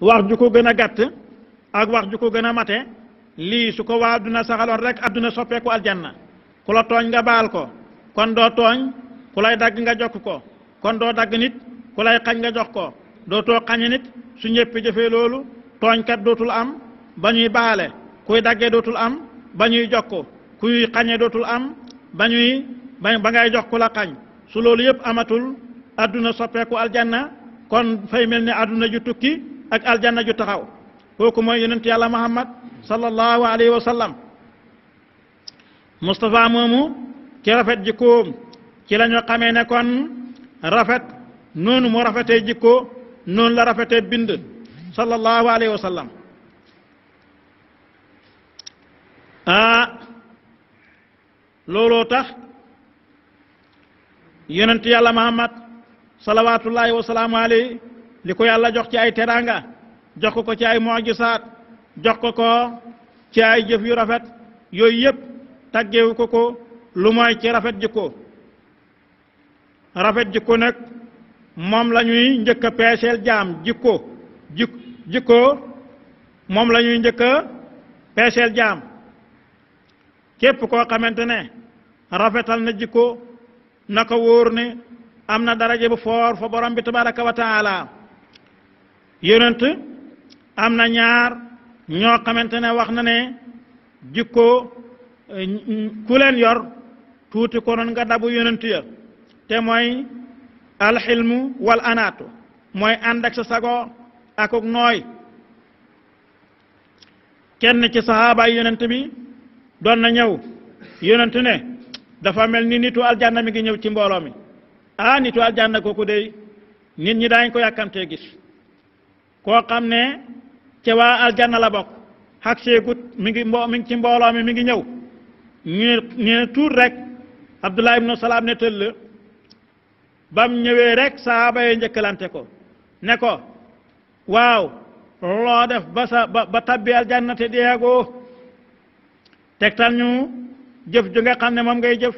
wax ju ko gën a gàtt ak wax ju ko gën a mate lii su ko waa adduna saxaloon rek adduna soppeeku aljanna ku la tooñ nga baal ko kon doo tooñ ku lay dagg nga jokk ko kon doo dagg nit ku xañ nga jox ko doo too xañe su ñëpp jëfee loolu tooñkat dootul am ba ñuy baale kuy daggee dootul am ba ñuy jox jokk kuy xañe dootul am ba ñuy ba ba ngay jox ku la xañ su loolu yëpp amatul adduna soppeeku aljanna kon fay mel ne adduna ju tukki ak aljanna ju taxaw kooku mooy yonent yàlla muhammad sallallahu alayhi wa sallam Moustapha moomu ci rafet jikko ci lañu xamé ne kon rafet noonu mo rafeté jikko non la rafeté bind sallallahu alayhi wa sallam ah looloo tax yonent yàlla muhammad salawatullahi wa alayhi li ko yàlla jox ci ay teraanga jox ko ko ci ay mujisaat jox ko ko ci ay jëf yu rafet yooyu yëpp taggeewu ko ko lu mooy ci rafet jikko rafet jikko nag moom lañuy ñuy njëkk a peeseel jaam jikko jikko moom lañuy ñuy njëkk a peeseel jaam képp koo xamante ne rafetal na jikko naka ko wóor ne am na daraje bu foor fa borom bi tabaraka wa taala yonent am na ñaar ñoo xamante ne wax na ne jikko eh, ku leen yor tuuti ko noon nga dabu yonent ya te mooy alxilmu wal anaatu mooy ànd ak sa sago akuk nooy kenn ci saxaabaay yonent bi doon na ñëw yonent ne dafa mel ni nitu aljanna mi ngi ñëw ci mbooloo mi ah nitu aljanna kooku dey nit ñi daañ ko yàkkamtee gis koo xam ne ca waa aljanna la bokk xag seegut mi ngi mbo mi ci mbooloo mi mi ngi ñëw ñu tuut rek abdullah ibnu salaam ne tëll bam ñëwee rek saaba yi njëkkalante ko ne ko waaw loo def ba sa ba tabbi aljanna te deegoo tegtal ñu jëf ju xam ne moom ngay jëf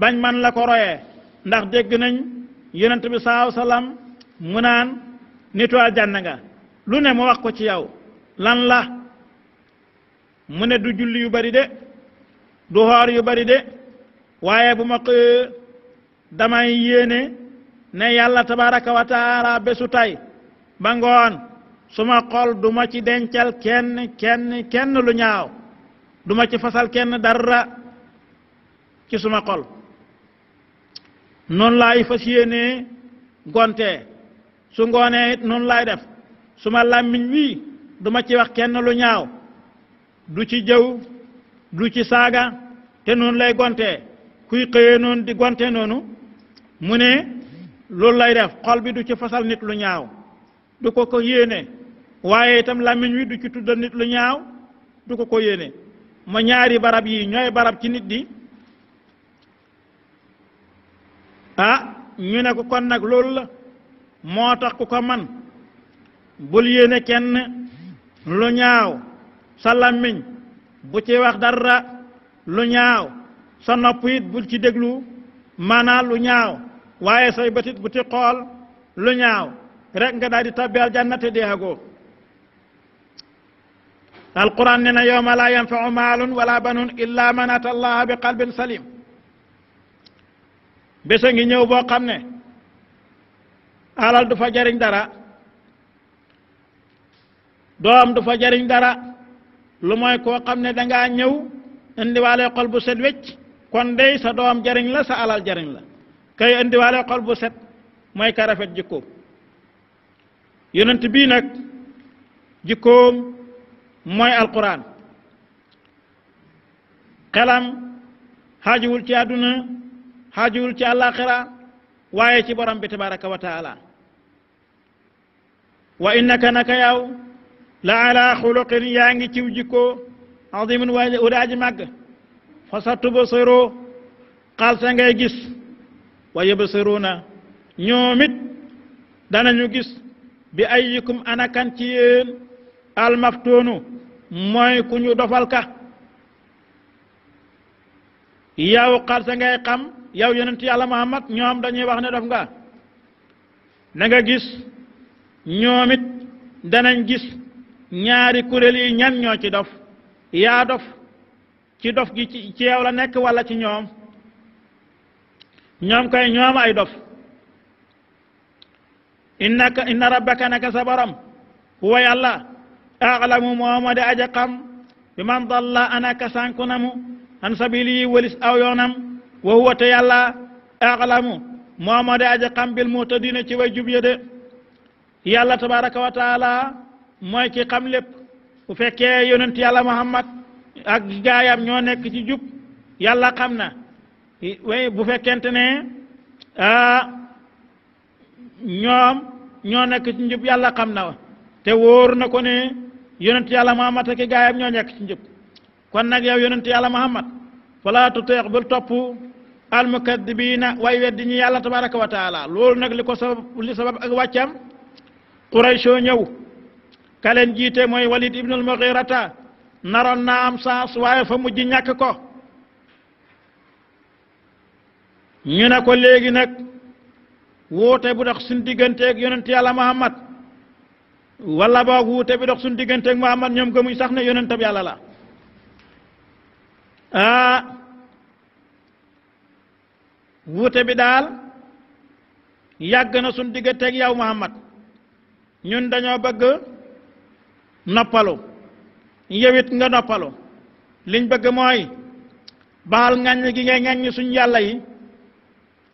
bañ man la ko royee ndax dégg nañ yonent bi saaw salaam mu naan nitu aljanna lu ne mu wax ko ci yow lan la mu ne du julli yu bari de du xoor yu bari de waaye bu ma damay yéene ne yàlla tabaraka wa taala tay ba ngoon suma xol du ma ci dencal kenn kenn lu ñaaw du ma ci fasal kenn dara ci suma xol noonu lay fas yéene gontee su ngoonee it noonu laay def suma làmmiñ wi du ma ci wax kenn lu ñaaw du ci jëw du ci saaga te noonu lay gontee kuy xëyee noonu di gonte noonu mu ne loolu lay def xol bi du ci fasal nit lu ñaaw du ko ko yéene waaye itam làmmiñ wi du ci nit lu ñaaw du ko ko yéene ma ñaari barab yi ñooy barab ci nit di ah ñu ne ko kon nag loolu la moo tax ku ko man bul yéene kenn lu ñaaw sa làmmiñ bu ci wax dara lu ñaaw sa nopp bu ci déglu maanaam lu ñaaw waaye say bëtit bu ci xool lu ñaaw rek nga daal di tabbi aljannate deexagoo alquran ne na yowma laa yanfau maalun wala banun illa man ata bi qalbin salim bésa ngi ñëw boo xam ne alal du fa jariñ dara doom du fa jariñ dara lu mooy koo xam ne dangaa ñëw indiwaale xol bu set wecc kon day sa doom jariñ la sa alal jariñ la kay indiwaale xol bu set moy ka rafet jikkoom yonent bii nag jikkoom mooy alquran xelam xaajiwul ci àdduna xaajiwul ci àllaaxira waaye ci borom bi tabaraka wa taala wa innaka naka yaw la ala yaa ngi ciw jikkoo azimin waaye udaaji màgg fa sa tubasiroo xalsa ngay gis wa yabsiruna ñoom it danañu gis bi ayikum anakan ci yéen almaftuunu mooy ku ñu dofal ka yow xalsa ngay xam yow yonent yàlla muhammad ñoom dañuy wax ne dof nga na gis ñoom danañ gis ñaari kurél yi ñan ñoo ci dof yaa dof ci dof gi ci yow la nekk wala ci ñoom ñoom koy ñoom ay dof innaka inna rabbaka naka sa borom huwa yàlla aclamu moo ma di aja xam bi man dalla anaka sànku namu an sabili yi wëlis aw yoonam wa huwa te yàlla aclamu moo ma di aja xam bil mutadina ci way jub ya de yàlla tabaraka wa taala mooy ki xam lépp bu fekkee yonent yàlla muhammad ak gaayam ñoo nekk ci jub yàlla xam na way bu fekkente ne ah, ñoom ñoo nekk ci njub yàlla xam na te wóor na ko ne yonent yàlla muhammad ak gaayam ñoo nekk ci njub kon nag yow yonent yàlla muhammad fala tuteex bul topp almukaddibiina way di ñi yàlla tabaraka wa taala loolu nag li ko sabab li sabab ak wàccam qurayshoo ñëw ka leen jiite mooy walid ibnul mughirata naroon naa am chance waaye fa mujj ñàkk ko ñu ne ko léegi nag wuute bu dox suñ digganteeg yonent yàlla muhammad wala boog wuute bi dox suñ digganteeg muhammad ñoom gëmuñ sax ne yonent bi yàlla la ah wuute bi daal yàgg na suñ digganteeg yow muhammad ñun dañoo bëgg Napalo, yewit nga napalo, liñ bëgg mooy baal ngañ gi ngay ngañ suñu yàlla yi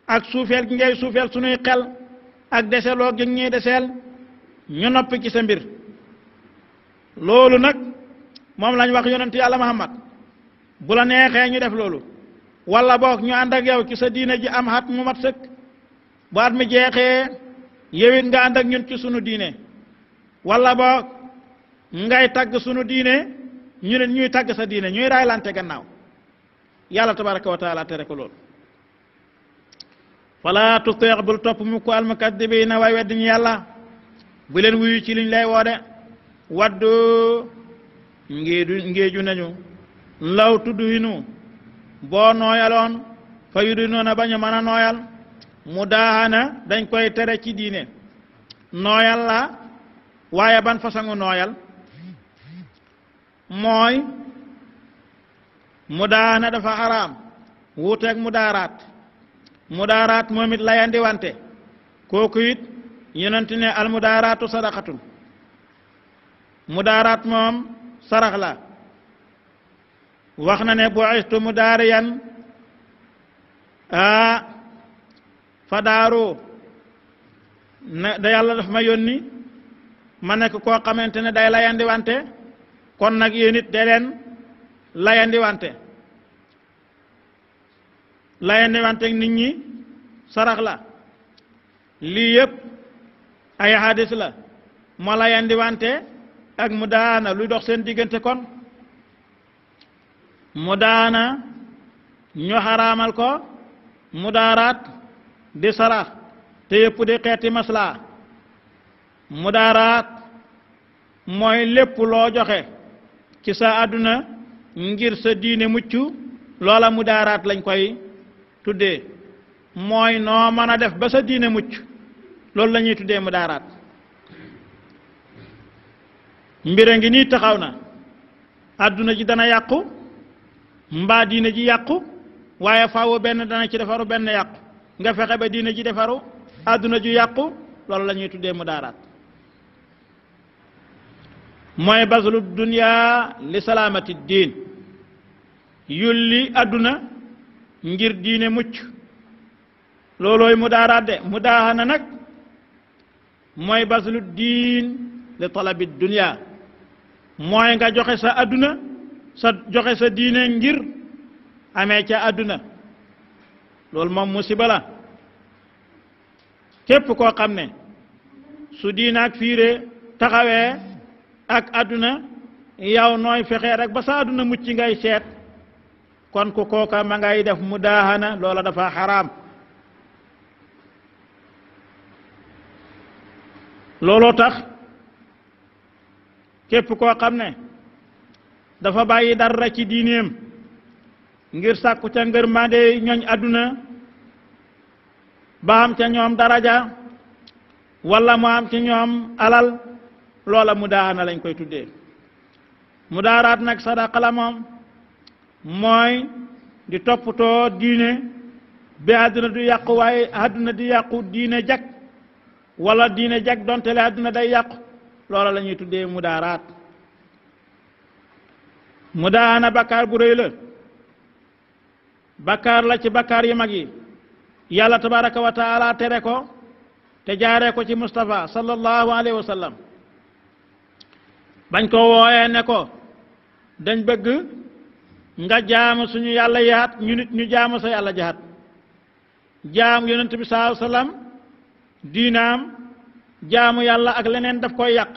ak suufeel gi ngay suufeel sunuy xel ak deseloo gi ñuy deseel ñu nopp ci sa mbir loolu nag moom lañ wax yonent yàlla muhammad bu la neexee ñu def loolu wala boog ñu ànd ak yow ci sa diine ji am xat mu mat sëkk bu at mi jeexee yewit nga ànd ak ñun ci sunu diine wala boog ngay tagg sunu diine ñu ñuy tagg sa diine ñuy raaylante gannaaw yàlla tabaraka wa tere ko loolu fala tuteex bul topp mu ko almukaddibiina waay weddi yàlla bu wuyu ci liñ lay woode waddu ngeeju ngeeju nañu law tudduhinu boo nooyaloon fa yudinoona ba ñu nooyal mu daahana dañ koy tere ci diine nooyal la waaye ban façon nooyal mooy mu daana dafa xaraam wuuteeg mu daaraat mu daaraat moom it layandi kooku it yonent ne al mu daaraatu sadaxatun moom sarax la wax na ne bu'istu mu daariyan aa fa daaroo na da yàlla daf ma yónni ma nekk koo xamante ne day layandi wante kon nag yéen it dee leen layandi wante nit ñi sarax la lii yëpp ay la ma layandi ak mu daana lu dox seen diggante kon mu daana ñu xaraamal ko mu daaraat di sarax te yëpp di xeeti maslaa mu daaraat mooy lépp loo joxe ci sa àdduna ngir sa diine mucc loola mu daaraat lañ koy tuddee mooy noo mën a def ba sa diine mucc loolu la ñuy tuddee mu daaraat mbir ngi nii taxaw na àdduna ji dana yàqu mbaa diine ji yàqu waaye faawu benn dana ci defaru benn yàqu nga fexe ba diine ji defaru àdduna ju yàqu loolu la ñuy tuddee mu daaraat mooy baslu dunya li salaamati diin yulli adduna ngir diine mucc loolooy mu daaraatde mu nag mooy baslu diin li talabi dunya mooy nga joxe sa adduna sa joxe sa diine ngir amee ca adduna loolu moom musiba la képp koo xam ne su diinaak fiire taxawe ak aduna yaw noy fexé rek ba sa aduna mucc ngay sét kon ku koka ma ngay def mudahana lola dafa haram lolo tax kep ko xam dafa bayyi dara ci diineem ngir sakku ca ñoñ aduna ba am ca ñoom daraja wala mu am ci ñoom alal loola mudaahana lañ koy tuddee mudaaraat nag sadaqa la moom mooy di toppatoo diine bi àdduna du yàqu waaye àdduna di yàqu diine jag wala diine jag donte le àdduna day yàqu loola lañuy ñuy tuddee mudaaraat mudaahana bakkaar bu réy la bakkaar la ci bakkaar yu mag yi yàlla tabaraka wa taala tere ko te jaaree ko ci Mustafa sallallahu alayhi wa sallam bañ ko wooye ne ko dañ bëgg nga jaamu suñu yàlla yaat ñu nit ñu jaamu sa yàlla jaat jaam yonent bi saaw salaam diinaam jaamu yàlla ak leneen daf koy yàq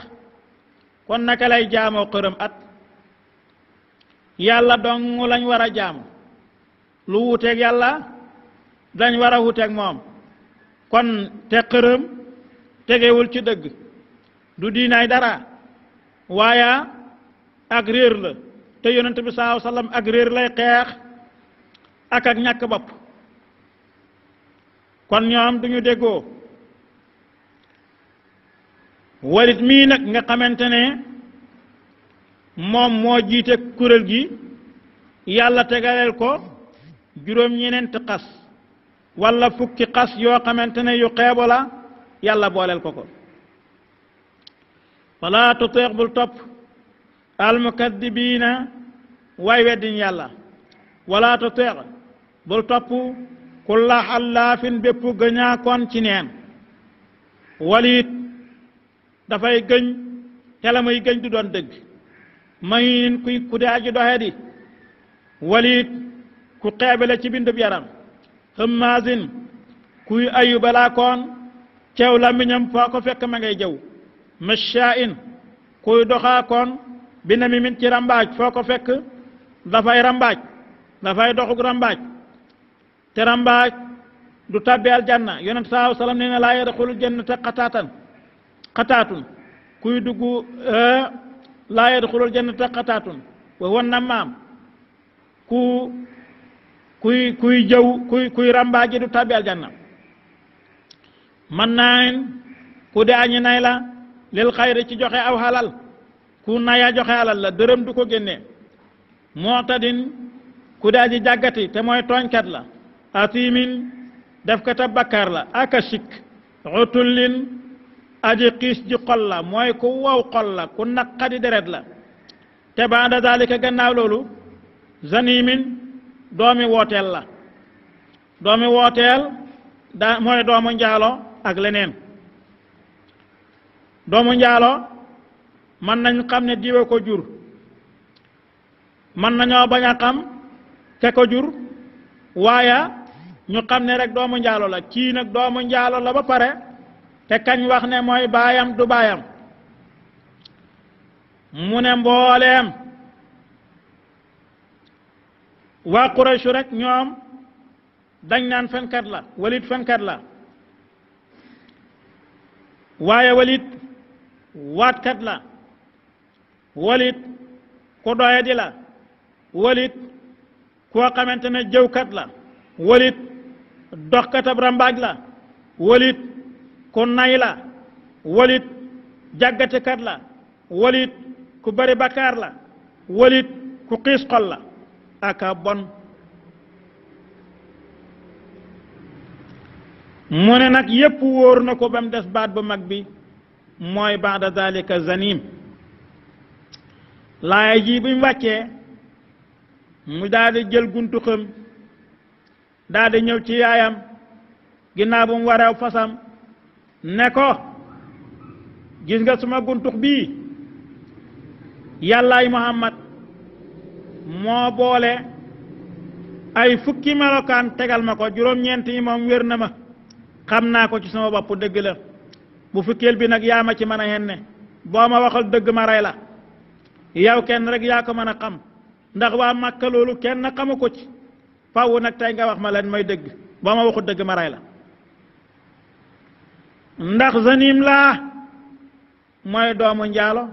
kon naka lay jaamoo xërëm at yàlla dong lañ war a jaamu lu wuuteeg yàlla dañ war a wuuteeg moom kon te xërëm tegewul ci dëgg du diinaay dara waaye ak réer la te yonent bi saaw sallam ak réer lay xeex ak ak ñàkk bopp kon ñoom duñu déggoo walit mii nag nga xamante ne moom moo jiite kuréel gi yàlla tegaleel ko juróom-ñeneenti xas walla fukki xas yoo xamante ne yu xeebo yàlla booleel ko ko fala tuteex bul topp almukaddibiina way weddin yàlla wala tuteex bul topp kulla xallaafin bépp gëñaakoon ci neen waliit dafay gëñ te la muy gëñ du doon dëgg mayin kuy ku daa ji waliit ku xeebale ci bindub yaram xëmmaasin kuy ayu balaa koon ceew làmmiñam foo ko fekk ma ngay macha in kuy doxaakoon bi na ci rambaaj foo ko fekk dafay rambaaj dafay doxug rambaaj te rambaaj du tàbbi aljanna yonent saaw salaam nee na laa yadxulul jannata xataatan xataatun kuy dugg laa yadxulul jannata xataatun wa wan maam ku kuy kuy jëw kuy kuy du tàbbi aljanna man naayin ku de añi la lil xayri ci joxe aw xalal ku naya joxe alal la dërëm du ko génnee mootadin ku daa ji jàggati te mooy tooñkat la atimin def ko ta bakkaar la akashik utullin aji xiis ji xol la mooy ku wow xol la ku naqadi deret la te baada dalika gannaaw loolu zanimin doomi wooteel la doomi wooteel daa mooy doomu njaalo ak leneen doomu njaalo mën na xam ne diwe ko jur mën nañoo bañ a xam ke ko jur waaye ñu xam ne rek doomu njaalo la kii nag doomu njaalo la ba pare te kañ wax ne mooy baayam du baayam mu ne mbooleem waa Quraysh rekk ñoom dañ naan fenkat la walit fenkat la waaye walit waatkat la walit ku doyadi la walit koo xamante ne jëwkat la walit doxkatab rambaaj la walit ku nay la walit jàggatikat la walit ku bari bakaar la walit ku xiis xol la aka bon mu ne nag yépp wóor na ko ba des baat bu mag bi mooy baada zalika zanim laaya ji buñ wàccee mu daal jël guntu xam daal ñëw ci yaayam ginnaaw bu mu waree fasam ne ko gis nga suma guntux bii yàllaay muhammad moo boole ay fukki melokaan tegal ma ko juróom-ñeent yi moom na ma xam naa ko ci sama bopp dëgg la bu fukkeel bi nag yaa ma ci mën a hen ne boo ma waxal dëgg ma rey la yow kenn rek yaa ko mën a xam ndax waa Màkka loolu kenn xamu ko ci faww nag tey nga wax ma leen may dëgg boo ma waxu dëgg ma rey la ndax zanim laa mooy doomu njaalo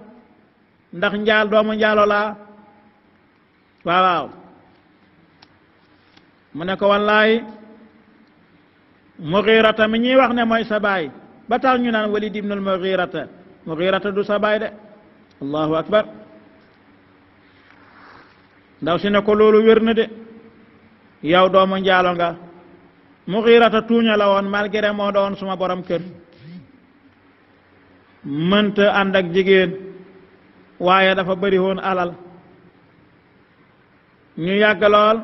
ndax njaal doomu njaalo laa waaw mu ne ko wallaay Mugiirata mi ñuy wax ne mooy sa baay ba tax ñu naan walid ibnul mughirata mughirata du sa baay de allahu akbar ndaw si ne ko loolu wér na de yow doomu njaalo nga mughirata tuuña la woon malgré suma borom kër mënta ànd ak jigéen waaye dafa bari woon alal ñu yàgg lool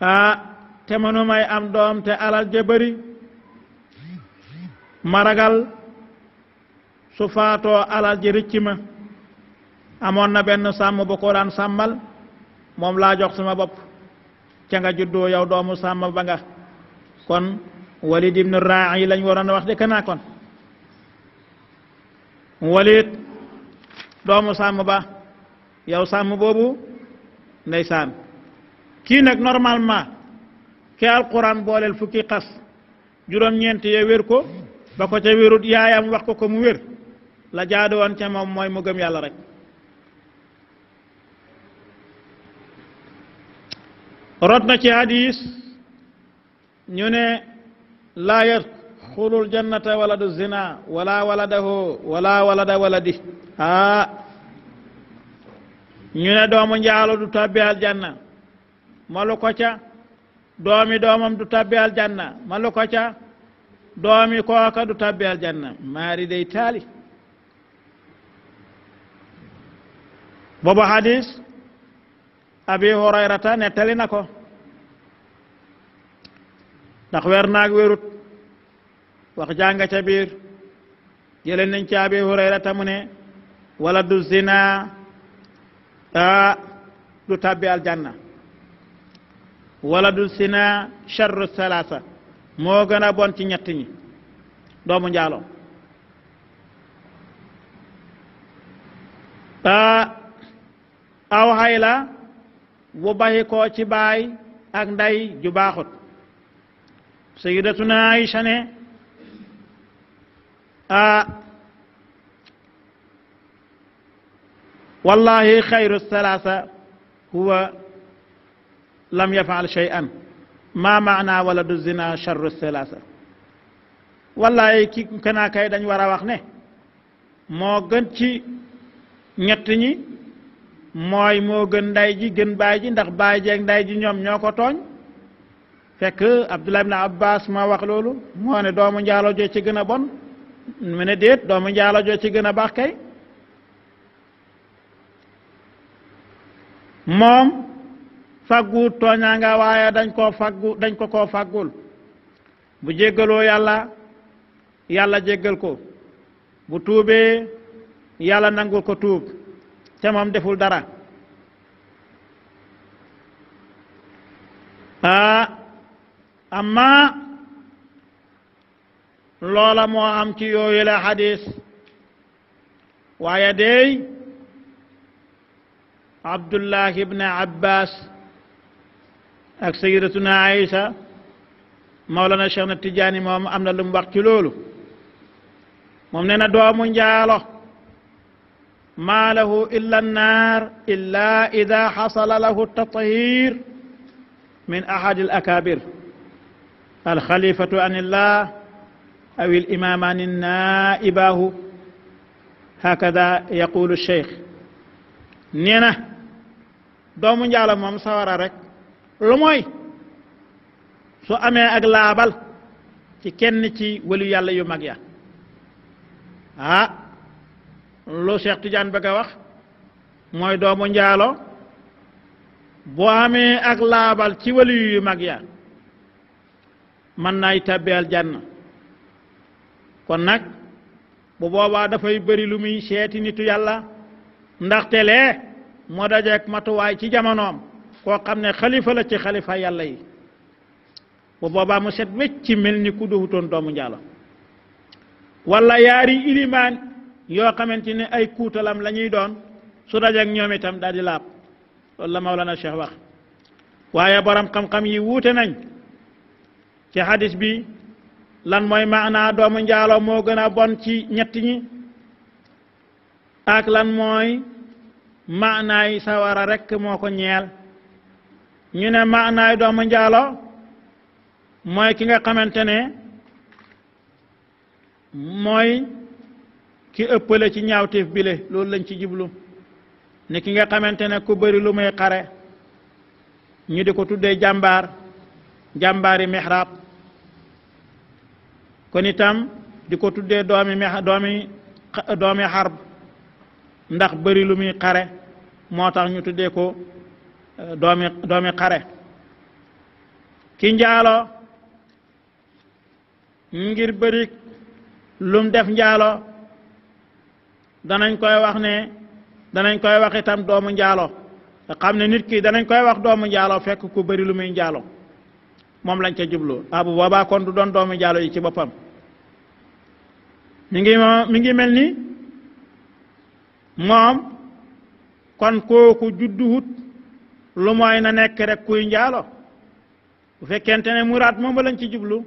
ah te mënu may am doom te alal ja bëri ma ragal su faatoo alal ji rëcc ma amoon na benn sàmm bu ko daan sàmmal moom laa jox sama bopp ca nga juddoo yow doomu sàmm ba nga kon walid ibnu raa'i lañ waroon a wax dëkk naa kon walid doomu sàmm ba yow sàmm boobu ndeysaan kii nag normalement ke alquran booleel fukki xas juróom-ñeent ye wér ko ba ko ca wérut yaayam wax ko ko mu wér la jaado woon ca moom mooy mu gëm yàlla rek rot na ci hadis ñu ne laa yar xulul jannata waladu zina wala waladahu wala walada waladi ah ñu ne doomu njaalo du tabbi aljanna malu ko ca doomi doomam du tabbi aljanna malu ko ca doomi kooka du tabbi aljanna maari day taali boobu hadis abi hurayrata nettali na ko ndax weer naag wérut wax jànga ca biir jële nañ ci abi hurayrata mu ne wala du zina du tabbi aljanna wala du zina charru salasa moo gën a bon ci ñett ñi doomu njaaloo aw xay la bu bayi koo ci baay ak ndey ju baaxut sayyidatuna Aïcha ne ah wallahi xayru salaasa huwa lam yafaal shay'an ma mana waladu zina charru selasa wallay kena kay dañ war a wax ne moo gën ci ñett ñi mooy moo gën nday ji gën baay ji ndax baay jeeg nday ji ñoom ñoo ko tooñ fekk abdoulah ibne abbas moo wax loolu moo ne doomu njaalo jo ci gën a bon mu ne déet doomu njaalo jo ci gën a baax kay moom faggu tooñaa nga waaye dañ koo faggu dañ ko koo faggul bu jéggaloo yàlla yàlla jéggal ko bu tuubee yàlla nangul ko tuub te moom deful dara ah amma loola moo am ci yooyu la xadis waaye dey Abdullah ibn Abbas ak sayyidatuna Aïcha Mawlana Cheikh na Tijaani moom am na lu mu wax ci loolu moom nee na doomu njaalo maa lahu illa nnaar illa ida xasala lahu tatahir min ahadi al akabir alxalifatu an illah aw alimaman naibahu hakada yaqulu cheikh nee na doomu njaalo moom sawara rek lu mooy su amee ak laabal ci kenn ci wëlu yàlla yu mag ya ah lu Cheikh Tidiane bëgg a wax mooy doomu njaalo boo amee ak laabal ci wëlu yu mag ya mën naay tàbbi aljanna kon nag bu boobaa dafay bëri lu seeti nitu yàlla ndaxte lee moo dajeek matuwaay ci jamonoom koo xam ne xalifa la ci xalifa yàlla yi booba boobaa mu set wecc mel ni ku doxutoon doomu njaalo wala yaari ilimaan yoo xamante ne ay kuutalam lañuy doon su dajeek ñoom itam daal di laab loolu la Mawlana Cheikh wax waaye borom xam-xam yi wuute nañ ci hadis bi lan mooy maanaa doomu moo gën a bon ci ñett ñi ak lan mooy maanaay sawara rekk moo ko ñeel ñu ne maanaay doomu njaalo mooy ki nga xamante ne mooy ki ëppale ci ñaawteef bile loolu lañ ci jublu ne ki nga xamante ne ku bëri lu muy xare ñu di ko tuddee jàmbaar jàmbaari mixraab kon itam di ko tuddee doomi mix doomi doomi xarb ndax bëri lu muy xare moo tax ñu tuddee ko doomi doomi xare ki njaalo ngir bërik lum def njaalo danañ koy wax ne danañ koy wax itam doomu njaalo xam ne nit ki danañ koy wax doomu njaalo fekk ku bëri lu muy njaalo moom lañ ca jublu ah bu boobaa kon du doon doomu njaalo yi ci boppam mi ngi mi mel ni moom kon kooku judduwut lumooy na nekk rek kuy njaalo bu fekkente ne murat moomba lañ ci jublu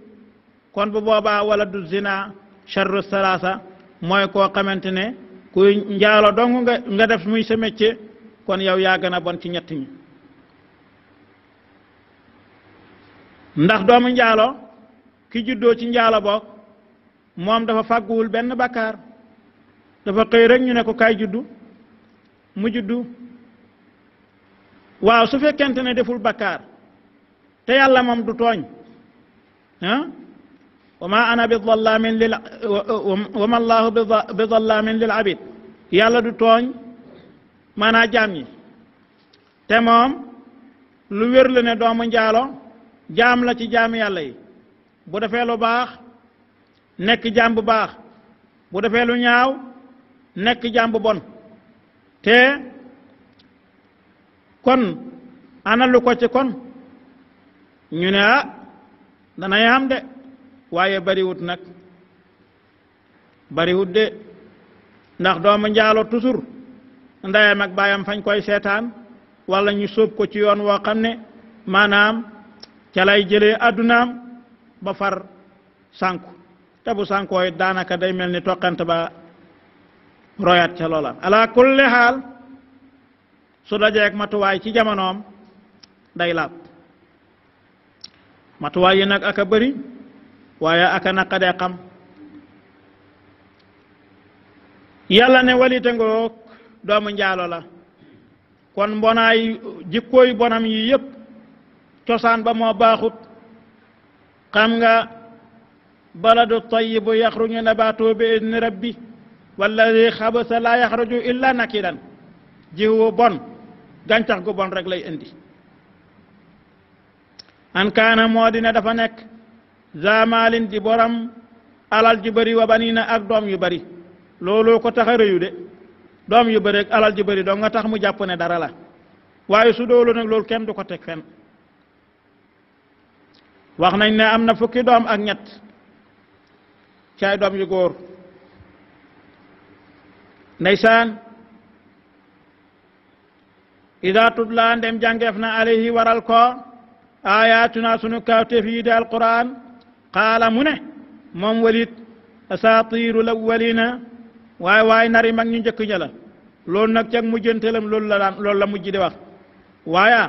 kon bu boobaa wala du zina charre salasa mooy koo xamante ne kuy njaalo dong nga nga def muy sa métier kon yow yaa gën a bon ci ñett ñi ndax doomu njaalo ki juddoo ci njaalo boog moom dafa fàgguwul benn bakkaar dafa xëy rek ñu ne ko kaay judd mu judd waaw su fekkente ne deful bakkaar te yàlla moom du tooñ ah wa ma ana bi dallamin lil wa ma allahu bi dallamin lil abid yàlla du tooñ maanaa jaam ñi te moom lu wér la ne doomu njaalo jaam la ci jaam yàlla yi bu defee lu baax nekk jaam bu baax bu defee lu ñaaw nekk jaam bu bon te kon ana lu ko ci kon ñu ne ah dana yaam de waaye bariwut nag bariwut de ndax doomu njaalo toujours ndeyam ak baayam fañ koy seetaan wala ñu sóob ko ci yoon woo xam ne maanaam ca lay jëlee addunaam ba far sànku te bu sànkooy daanaka day mel ni toqant ba royaat ca loola ala xaal su dajeeg matuwaay ci jamonoom day laab matuwaay yi nag aka bëri waaye aka naqadee xam yàlla ne walite ngoog doomu njaalo la kon mbonaay jikkooy bonam yi yépp cosaan ba moo baaxut xam nga baladu tayibu yaxruju nabaatu bi idni rabbi walladi xabasa laa yaxruju illa nakidan jiwu bon gàncax gu bon rek lay indi an kaana moo dafa nekk zamaalin di borom alal ji bëri wa banina ak doom yu bëri looloo ko tax a rëyu de doom yu bëri alal ji bëri doo nga tax mu jàpp ne dara la waaye su doolu nag loolu kenn du ko teg fenn wax nañ ne am na fukki doom ak ñett caay doom yu góor ndeysaan ida tutla ndem jàngeef na alayhi waral ko ayatuna sunu kawteef yi di alquran qaala mu ne moom walit asatirul awalina waay waay nari mag ñu njëkk ña la loolu nag cag mujjantelam loolu la daan mujj di wax waaye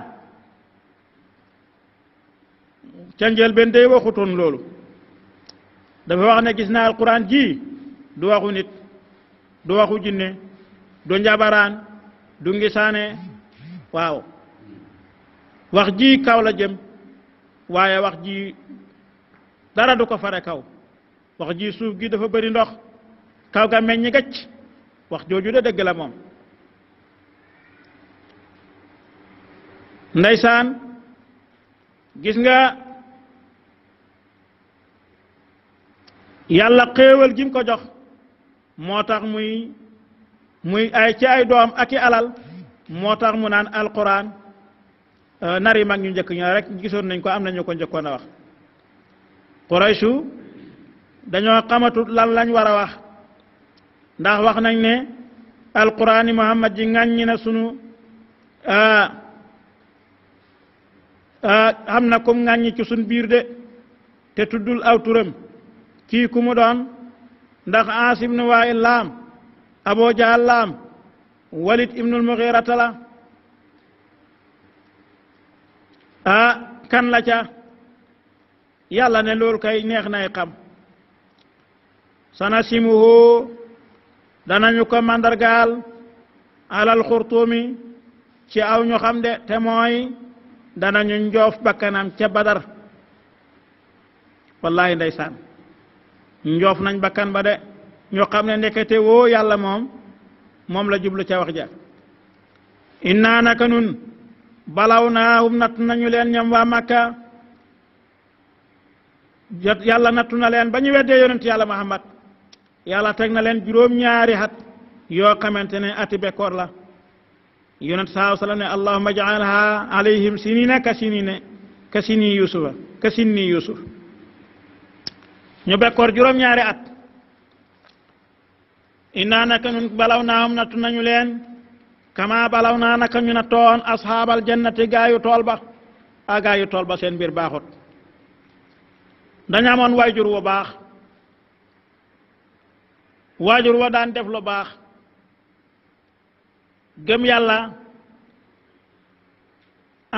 ca njëlbéen day waxutoon loolu dafa wax ne gis naa alquran ji du waxu du waxu du njabaraan du ngisaane waaw wax ji kaw la jëm waaye wax ji dara du ko fare kaw wax ji suuf gi dafa bëri ndox kaw ga meññi gacc wax jooju de dëgg la moom ndeysaan gis nga yàlla xéewal gi ko jox moo tax muy muy ay ci ay doom ak alal motax mu nan alquran euh, nari mag ñu jëk ñoo rek gisoon nañ ko am nañu ko njëkkoon a wax quraishu dañoo xamatu lan lañ wara wax ndax wax nañ ne alquran muhammad ji ŋàññi na sunu euh, euh, xam na kum ŋàññi ci sun biir de te tuddul aw turam kii kumu doon ndax asim nu waa abo walid ibnul mughirata ah kan la ca yàlla ne loolu kay neex nay xam sana simuhu danañu ko mandargaal alal xurtuumi ci aw ñu xam de te mooy danañu njoof bakkanam ca badar wallahi ndeysaan njoof nañ bakkan ba de ñu xam ne ndekete woo yàlla moom mom la jublu ca wax ja inna naka nun balaw nat nañu len ñam wa makka jot yàlla nattu na leen ba yonent yalla muhammad yalla tek na len juroom ñaari hat yo xamantene ne ati kor la yonent saa sallam ne allahumma jaalha alayhim sinina kasinina sinine yusuf kasini yusuf ñu kor juroom ñaari at inna naka ñun balaw naa am nattu nañu leen kama balaw naa naka ñu na toon asxaabal gaa yu tool ba a gaayu tool ba seen mbir baaxut dañu amoon wajur wu baax waajur wa daan def lu baax gëm yàlla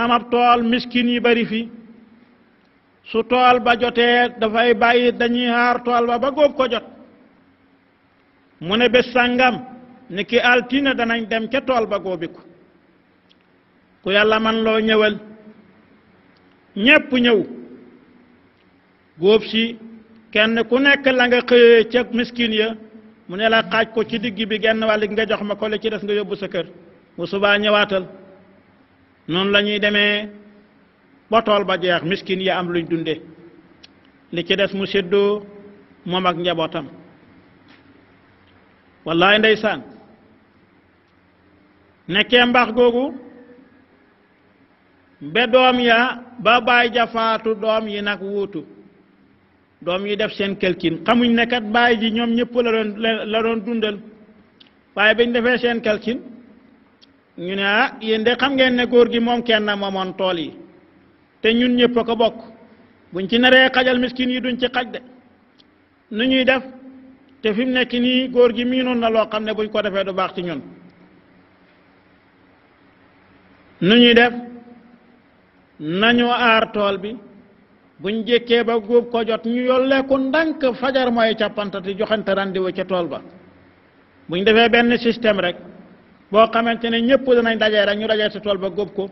amab tool miskin yi bari fi su tool ba jotee dafay bàyyi dañuy xaar tool ba ba góob ko jot mu ne bés sàngam ni ki altine danañ dem ca tool ba góobiku ku yàlla man loo ñëwal ñépp ñëw góob si kenn ku nekk la nga xëyee ca miskin ya mu ne la xaaj ko ci digg bi genn wàll gi nga jox ma ko li ci des nga yóbbu sa kër bu subaa ñëwaatal noonu la ñuy demee ba tool ba jeex miskin yi am luñ dunde li ci des mu séddoo moom ak njabootam wallaay ndeysaan nekkee mbax googu ba doom ya ba baay jafaatu doom yi nag wuutu doom yi def seen kelkin xamuñ ne kat baay ji ñoom ñëpp la doon la doon dundal waaye bañ defee seen kelkin ñu ne ah yéen de xam ngeen ne góor gi moom kenn moomoon tool yi te ñun ñëpp a ko bokk buñ ci naree xajal miskin yi duñ ci xaj de nu ñuy def te fi mu nekk nii góor gi miinoon na loo xam ne buñ ko defee du baax ci ñun nu ñuy def nañu aar tool bi buñ jékkee ba góob ko jot ñu yolleeku ndànk fajar mooy càppantati joxante rendez ca tool ba buñ defee benn système rek boo xamante ne ñëpp danañ dajee rek ñu dajee ca tool ba góob ko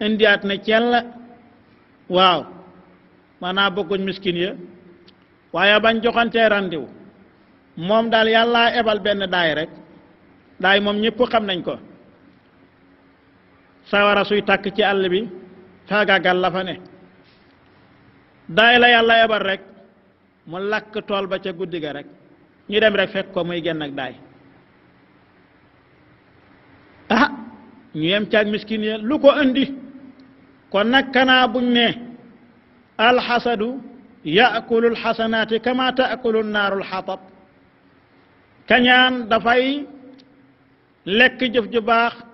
indiaat ne cell waaw maanaam bëgguñ miskin ya waaye bañ joxantee rendez moom daal yàlla ebal benn daay rek daay moom ñëpp xam nañ ko sawara suy takk ci àll bi faagaagal la fa daay la yàlla ebal rek mu lakk tool ba ca guddi ga rek ñu dem rek fekk ko muy genn ak daay ah ñu yem caag miskin ya lu ko indi kon nag kanaa buñ ne alxasadu yaakulu alxasanaati kama taakulu naaru alxatab kañaan dafay lekk jëf ju baax